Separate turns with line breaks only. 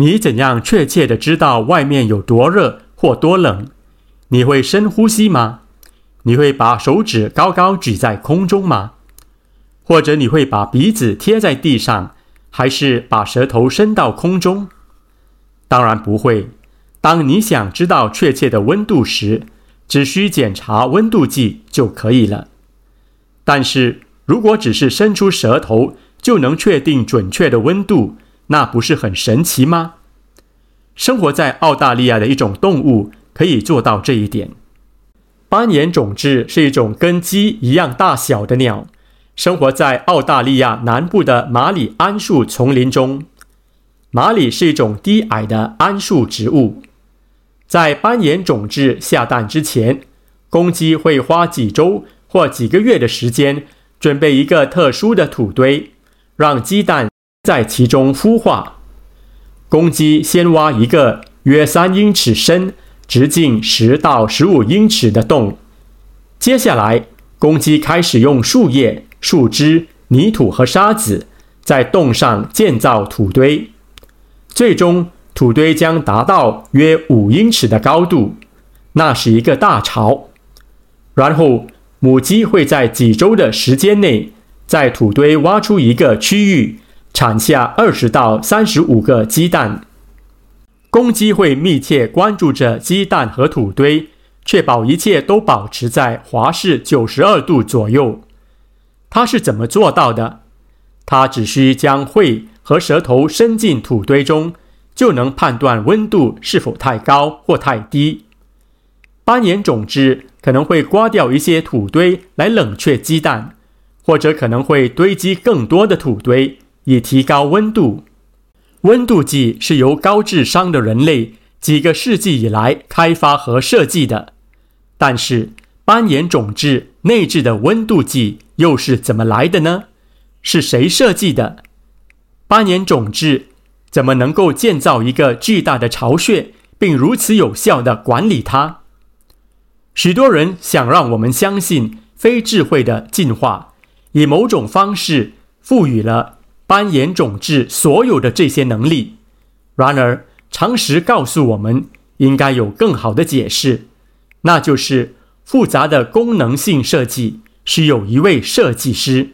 你怎樣確切地知道外面有多熱或多冷？你會深呼吸嗎？你會把手指高高舉在空中嗎？或者你會把鼻子貼在地上，還是把舌頭伸到空中？當然不會。當你想知道確切的溫度時，只需檢查溫度計就可以了。但是，如果只是伸出舌頭，就能確定準確的溫度，那不是很神奇嗎？生活在澳大利亞的一種動物可以做到這一點。斑眼冢雉是一種跟雞一樣大小的鳥，生活在澳大利亞南部的馬里桉樹叢林中。馬里是一種低矮的桉樹植物。在斑眼冢雉下蛋之前，公雞會花幾周或幾個月的時間準備一個特殊的土堆，讓雞蛋。在其中孵化。公雞先挖一個約三英尺深、直徑十到十五英尺的洞。接下來，公雞開始用樹葉、樹枝、泥土和沙子在洞上建造土堆。最終，土堆將達到約五英尺的高度，那是一個大巢。然後，母雞會在幾周的時間內在土堆挖出一個區域，產下二十到三十五個雞蛋。公雞會密切關注着雞蛋和土堆，確保一切都保持在華氏九十二度左右。它是怎麼做到的？它只需將喙和舌頭伸進土堆中，就能判斷溫度是否太高或太低。斑眼塚雉可能會刮掉一些土堆來冷卻雞蛋，或者可能會堆積更多的土堆，以提高溫度，溫度計是由高智商的人類幾個世紀以來開發和設計的。但是斑眼塚雉內置的溫度計又是怎麼來的呢？是誰設計的？斑眼塚雉怎麼能夠建造一個巨大的巢穴，並如此有效地管理它？許多人想讓我們相信，非智慧的進化以某種方式賦予了。斑眼冢雉所有的這些能力，然而常識告訴我們，應該有更好的解釋，那就是複雜的功能性設計是有一位設計師。